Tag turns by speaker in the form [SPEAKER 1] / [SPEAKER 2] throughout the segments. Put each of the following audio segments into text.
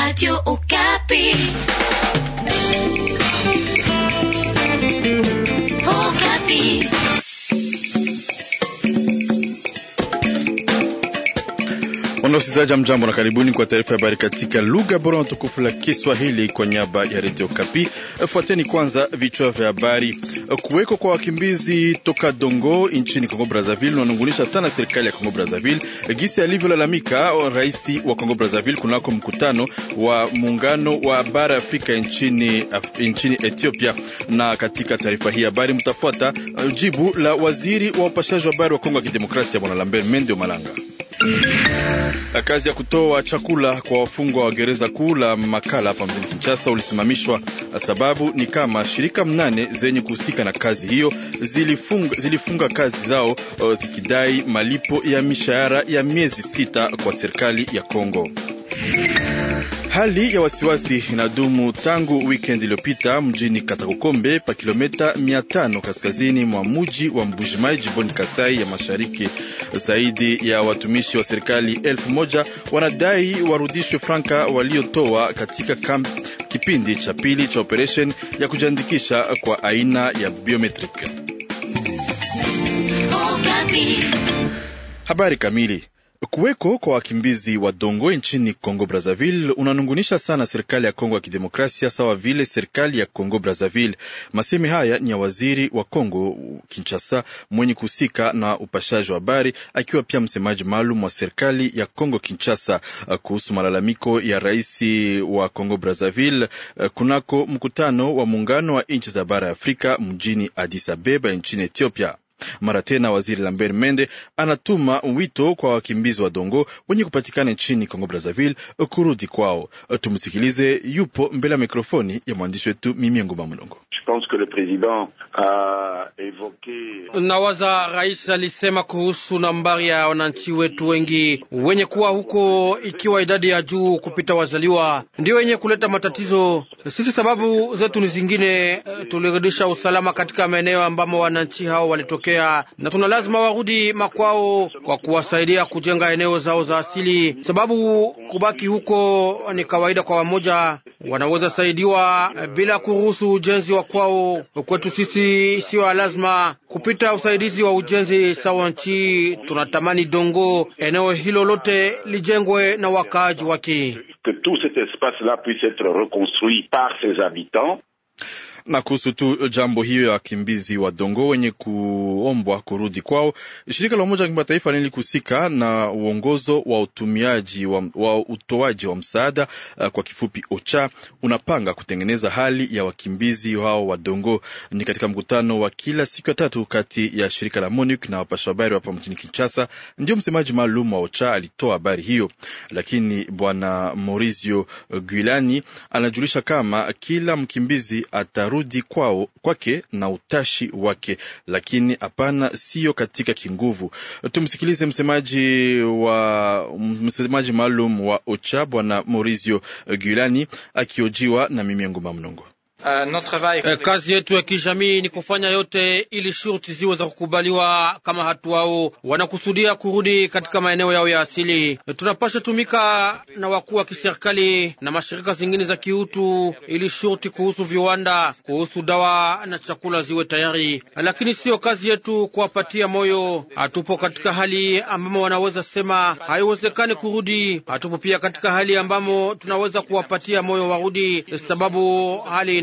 [SPEAKER 1] Radio Capi.
[SPEAKER 2] Wapenda wasikilizaji, mjambo na karibuni kwa taarifa ya habari katika lugha bora na tukufu la Kiswahili kwa niaba ya redio Kapi. Fuateni kwanza vichwa vya habari. Kuweko kwa wakimbizi toka Dongo nchini Kongo Brazzaville unanungunisha sana serikali ya Kongo Brazzaville, gisi alivyolalamika rais wa Kongo Brazzaville kunako mkutano wa muungano wa bara Afrika nchini, nchini Ethiopia. Na katika taarifa hii habari mtafuata uh, jibu la waziri wa upashaji wa habari wa Kongo ya Kidemokrasia, Bwana Lambert Mende Malanga. Kazi ya kutoa chakula kwa wafungwa wa gereza kuu la Makala hapa mjini Kinshasa ulisimamishwa, sababu ni kama shirika mnane zenye kuhusika na kazi hiyo zilifunga, zilifunga kazi zao zikidai malipo ya mishahara ya miezi sita kwa serikali ya Kongo. Hali ya wasiwasi inadumu tangu weekend iliyopita mjini Katakokombe pa kilomita 500 kaskazini mwa muji wa Mbujimai jimboni Kasai ya Mashariki. Zaidi ya watumishi wa serikali elfu moja wanadai warudishwe franka waliotoa katika kamp, kipindi cha pili cha operesheni ya kujiandikisha kwa aina ya biometric. Oh, Habari kamili Kuweko kwa wakimbizi wa Dongo nchini congo Brazzaville unanungunisha sana serikali ya Kongo ya Kidemokrasia, sawa vile serikali ya congo Brazzaville. Masemi haya ni ya waziri wa congo Kinshasa mwenye kuhusika na upashaji wa habari, akiwa pia msemaji maalum wa serikali ya Kongo Kinshasa uh, kuhusu malalamiko ya rais wa congo Brazzaville uh, kunako mkutano wa muungano wa nchi za bara ya Afrika mjini Addis Abeba nchini Ethiopia. Mara tena waziri Lambert Mende anatuma wito kwa wakimbizi wa Dongo wenye kupatikana nchini Kongo Brazzaville kurudi kwao. Tumsikilize, yupo mbele ya mikrofoni ya mwandishi wetu mimia Nguma Mlongo.
[SPEAKER 3] Nawaza rais alisema kuhusu nambari ya wananchi wetu wengi wenye kuwa huko, ikiwa idadi ya juu kupita wazaliwa, ndio wenye kuleta matatizo. Sisi sababu zetu ni zingine, tulirudisha usalama katika maeneo ambamo wananchi hao walitokea kutokea, na tuna lazima warudi makwao kwa kuwasaidia kujenga eneo zao za asili, sababu kubaki huko ni kawaida kwa wamoja. Wanaweza saidiwa bila kuruhusu ujenzi wa kwao. Kwetu sisi siyo lazima kupita usaidizi wa ujenzi sawa. Nchi tunatamani dongo eneo hilo lote lijengwe na wakaaji wake.
[SPEAKER 2] Na kuhusu tu jambo hiyo ya wakimbizi wa Dongo wenye kuombwa kurudi kwao, shirika la Umoja wa Kimataifa lili lilihusika na uongozo wa utumiaji wa, wa utoaji wa msaada uh, kwa kifupi OCHA unapanga kutengeneza hali ya wakimbizi hao wa Dongo. Ni katika mkutano wa kila siku ya tatu kati ya shirika la MONUC na wapasha habari hapa mjini Kinshasa, ndio msemaji maalum wa OCHA alitoa habari hiyo, lakini bwana Maurizio Guilani anajulisha kama kila mkimbizi atarudi kurudi kwao kwake na utashi wake, lakini hapana, siyo katika kinguvu. Tumsikilize msemaji wa msemaji maalum wa OCHA Bwana Maurizio gulani akiojiwa na Mimi Nguma Mnongo.
[SPEAKER 3] Uh, eh, kazi yetu ya kijamii ni kufanya yote ili shurti ziwe za kukubaliwa kama hatu wao wanakusudia kurudi katika maeneo yao ya asili. Tunapasha tumika na wakuu wa kiserikali na mashirika zingine za kiutu ili shurti kuhusu viwanda, kuhusu dawa na chakula ziwe tayari, lakini siyo kazi yetu kuwapatia moyo. Hatupo katika hali ambamo wanaweza sema haiwezekani kurudi. Hatupo pia katika hali ambamo tunaweza kuwapatia moyo warudi, sababu hali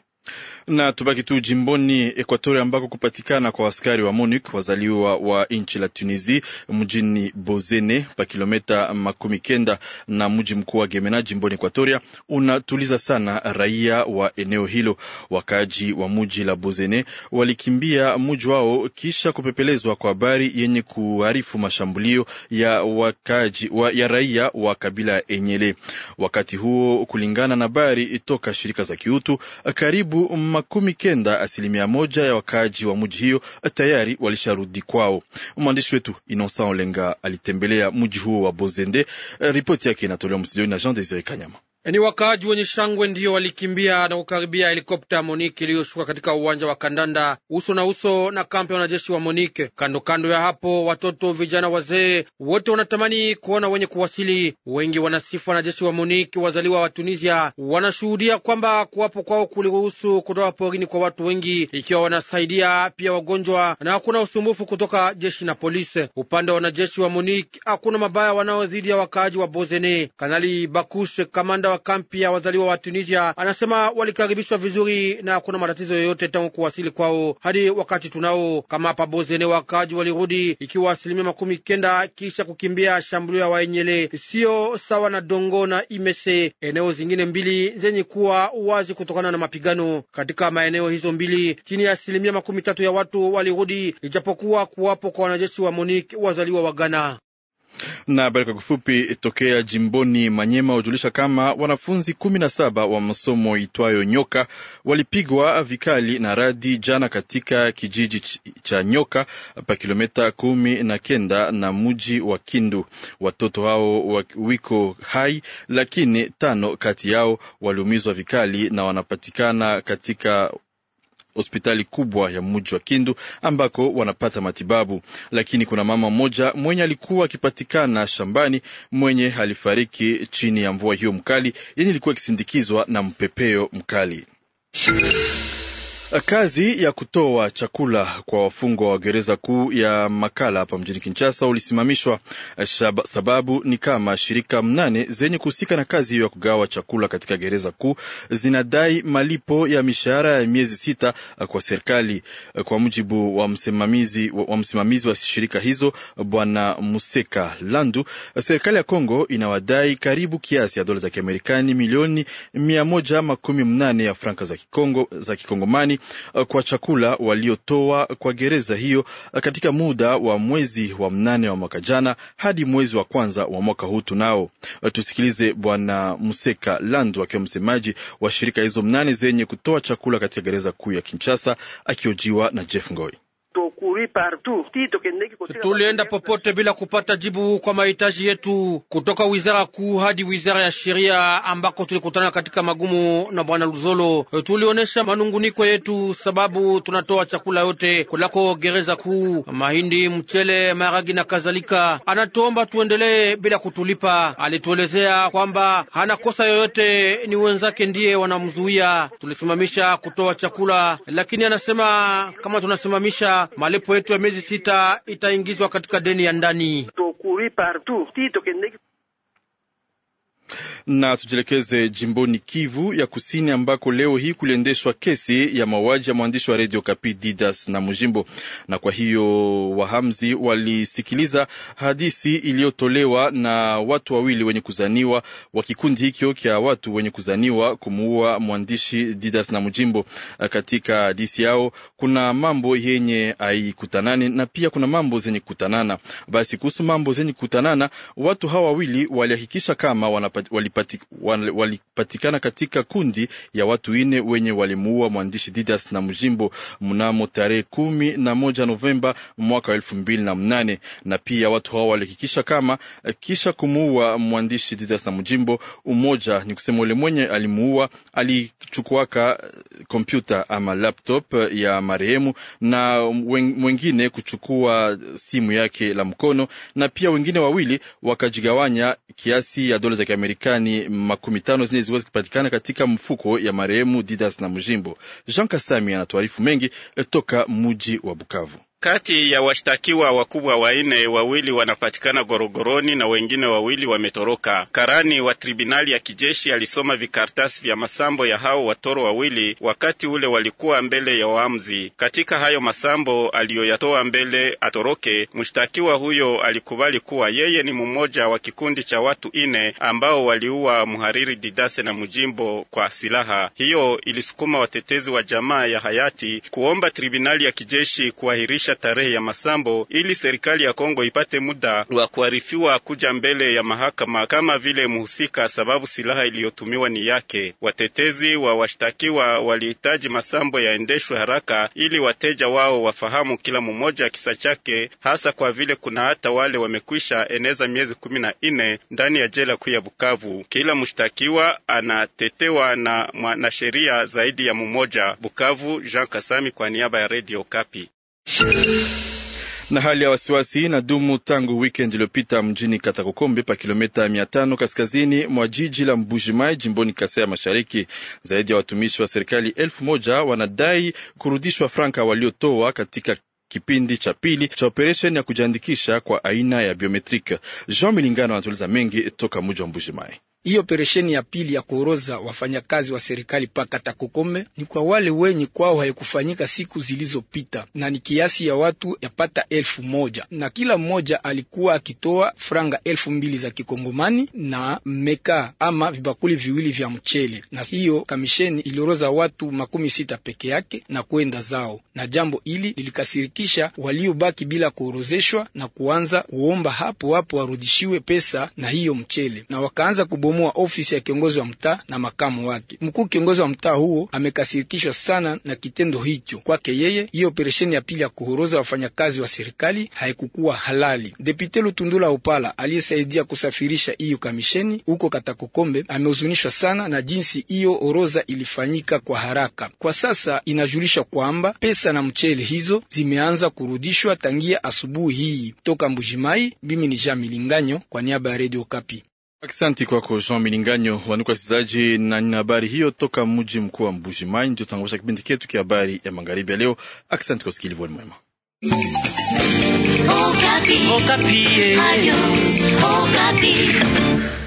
[SPEAKER 2] Na tubaki tu jimboni Ekuatori ambako kupatikana kwa askari wa MONUC wazaliwa wa nchi la Tunisi mjini Bozene pa kilometa makumi kenda na mji mkuu wa Gemena jimboni Ekuatoria unatuliza sana raia wa eneo hilo. Wakaaji wa mji la Bozene walikimbia mji wao kisha kupepelezwa kwa habari yenye kuharifu mashambulio ya, wakaaji, wa, ya raia wa kabila Enyele. Wakati huo kulingana na habari toka shirika za kiutu karibu makumi kenda asilimia moja ya wakaaji wa muji hiyo tayari walisharudi kwao. Mwandishi wetu Inosa Olenga alitembelea muji huo wa Bozende. Ripoti yake inatolewa msijoni na Jean Desire Kanyama.
[SPEAKER 3] Ni yaani wakaaji wenye shangwe ndiyo walikimbia na kukaribia helikopta Monike iliyoshuka katika uwanja wa kandanda uso na uso na kampi ya wanajeshi wa Monike. Kando kando ya hapo, watoto, vijana, wazee wote wanatamani kuona wenye kuwasili. Wengi wanasifa wanajeshi wa Monike wazaliwa wa Tunisia, wanashuhudia kwamba kuwapo kwao kuliruhusu kutoka porini kwa watu wengi, ikiwa wanasaidia pia wagonjwa na hakuna usumbufu kutoka jeshi na polisi. Upande wa wanajeshi wa Monike hakuna mabaya wanao dhidi ya wakaaji wa Bozene. Kanali Bakushe, kamanda wa kampi ya wazaliwa wa Tunisia anasema walikaribishwa vizuri na hakuna matatizo yoyote tangu kuwasili kwao hadi wakati tunao kama pabozene. Wakaaji walirudi ikiwa asilimia makumi kenda kisha kukimbia shambulio ya Waenyele, siyo sawa na Dongo na Imese, eneo zingine mbili zenye kuwa wazi kutokana na mapigano katika maeneo hizo mbili. Chini ya asilimia makumi tatu ya watu walirudi, ijapokuwa kuwapo kwa wanajeshi wa MONUC wazaliwa wa Ghana.
[SPEAKER 2] Na habari kwa kifupi tokea jimboni Manyema hujulisha kama wanafunzi kumi na saba wa masomo itwayo Nyoka walipigwa vikali na radi jana katika kijiji cha Nyoka pa kilometa kumi na kenda na mji wa Kindu. Watoto hao wiko hai, lakini tano kati yao waliumizwa vikali na wanapatikana katika hospitali kubwa ya mji wa Kindu ambako wanapata matibabu. Lakini kuna mama mmoja mwenye alikuwa akipatikana shambani mwenye alifariki chini ya mvua hiyo mkali yenye ilikuwa ikisindikizwa na mpepeo mkali. Kazi ya kutoa chakula kwa wafungwa wa gereza kuu ya Makala hapa mjini Kinshasa ulisimamishwa sababu ni kama shirika mnane zenye kuhusika na kazi hiyo ya kugawa chakula katika gereza kuu zinadai malipo ya mishahara ya miezi sita kwa serikali. Kwa mujibu wa msimamizi wa, wa, msimamizi wa shirika hizo Bwana Museka Landu, serikali ya Kongo inawadai karibu kiasi ya dola za Kiamerikani milioni mia moja makumi mnane ya franka za Kikongo, za Kikongomani Eh, kwa chakula waliotoa kwa gereza hiyo eh, katika muda wa mwezi wa mnane wa mwaka jana hadi mwezi wa kwanza wa mwaka huu. Tunao eh, tusikilize Bwana Museka Landu akiwa msemaji wa shirika hizo mnane zenye kutoa chakula katika gereza kuu ya Kinshasa, akiojiwa na Jeff Ngoi.
[SPEAKER 3] Tulienda popote bila kupata jibu kwa mahitaji yetu, kutoka wizara kuu hadi wizara ya sheria ambako tulikutana katika magumu na bwana Luzolo. Tulionyesha manunguniko yetu, sababu tunatoa chakula yote kulako gereza kuu, mahindi, mchele, maragi na kadhalika. Anatuomba tuendelee bila kutulipa. Alituelezea kwamba hana kosa yoyote, ni wenzake ndiye wanamzuia. Tulisimamisha kutoa chakula, lakini anasema kama tunasimamisha malipo malipo yetu ya miezi sita itaingizwa katika deni ya ndani.
[SPEAKER 2] Na tujielekeze jimboni Kivu ya Kusini, ambako leo hii kuliendeshwa kesi ya mauaji ya mwandishi wa redio Kapi Didas na Mujimbo, na kwa hiyo wahamzi walisikiliza hadisi iliyotolewa na watu wawili wenye kuzaniwa wa kikundi hikyo kya watu wenye kuzaniwa kumuua mwandishi Didas na Mujimbo. Katika hadisi yao kuna mambo yenye haikutanani na pia kuna mambo zenye kukutanana. Basi kuhusu mambo zenye kukutanana, watu hawa wawili walihakikisha kama wanapa walipatikana walipati katika kundi ya watu ine wenye walimuua mwandishi Didas na Mjimbo mnamo tarehe kumi na moja Novemba mwaka wa elfu mbili na mnane na pia watu hao walihakikisha kama eh, kisha kumuua mwandishi Didas na Mjimbo, umoja ni kusema ule mwenye alimuua alichukuaka eh, kompyuta ama laptop eh, ya marehemu na mwengine kuchukua simu yake la mkono, na pia wengine wawili wakajigawanya kiasi ya dola za Kiamerika Marekani makumi tano zine ziwezi kupatikana katika mfuko ya marehemu Didas na mujimbo Jean Kasami anatuarifu mengi toka muji wa Bukavu.
[SPEAKER 1] Kati ya washtakiwa wakubwa waine, wawili wanapatikana gorogoroni na wengine wawili wametoroka. Karani wa tribunali ya kijeshi alisoma vikaratasi vya masambo ya hao watoro wawili wakati ule walikuwa mbele ya waamuzi. Katika hayo masambo aliyoyatoa mbele atoroke, mshtakiwa huyo alikubali kuwa yeye ni mmoja wa kikundi cha watu ine ambao waliua mhariri Didase na Mujimbo kwa silaha. Hiyo ilisukuma watetezi wa jamaa ya hayati kuomba tribunali ya kijeshi kuahirisha kupitisha tarehe ya masambo ili serikali ya Kongo ipate muda wa kuarifiwa kuja mbele ya mahakama kama vile mhusika, sababu silaha iliyotumiwa ni yake. Watetezi wa washtakiwa walihitaji masambo yaendeshwe haraka ili wateja wao wafahamu kila mmoja kisa chake, hasa kwa vile kuna hata wale wamekwisha eneza miezi kumi na nne ndani ya jela kuu ya Bukavu. Kila mshtakiwa anatetewa na mwanasheria zaidi ya mmoja. Bukavu, Jean Kasami kwa niaba ya Radio Kapi
[SPEAKER 2] na hali ya wasiwasi dumu tangu wikend iliyopita mjini Katakokombe pa kilomita mia tano kaskazini mwa jiji la Mbujimai jimboni kasea ya Mashariki. Zaidi ya watumishi wa serikali elfu moja wanadai kurudishwa franka waliotoa katika kipindi cha pili cha operesheni ya kujiandikisha kwa aina ya biometrik. Jean Milingano anatueleza mengi toka muji wa Mbujimai.
[SPEAKER 4] Hii operesheni ya pili ya kuoroza wafanyakazi wa serikali paka Takokome ni kwa wale wenye kwao haikufanyika siku zilizopita, na ni kiasi ya watu yapata elfu moja na kila mmoja alikuwa akitoa franga elfu mbili za kikongomani na meka ama vibakuli viwili vya mchele. Na hiyo kamisheni ilioroza watu makumi sita peke yake na kwenda zao, na jambo hili lilikasirikisha waliobaki bila kuorozeshwa na kuanza kuomba hapo hapo warudishiwe pesa na hiyo mchele, na wakaanza kubo kubomoa ofisi ya kiongozi wa mtaa na makamu wake mkuu. Kiongozi wa mtaa huo amekasirikishwa sana na kitendo hicho. Kwake yeye, hiyo operesheni ya pili ya kuhoroza wafanyakazi wa serikali haikukuwa halali. depite Lutundula upala aliyesaidia kusafirisha hiyo kamisheni huko Katakokombe amehuzunishwa sana na jinsi hiyo oroza ilifanyika kwa haraka. Kwa sasa inajulisha kwamba pesa na mchele hizo zimeanza kurudishwa tangia asubuhi hii. Toka Mbujimai, mimi ni Jean Milinganyo kwa niaba ya Radio Kapi.
[SPEAKER 2] Aksanti kwako Jean Milinganyo. Wanuka wasikilizaji, na nina habari hiyo toka mji mkuu wa Mbuji Mai, ndio tangosha kipindi chetu kia habari ya magharibi ya leo. Aksanti kwa usikilivu mwema.
[SPEAKER 1] Okapi. Okapi. Eh.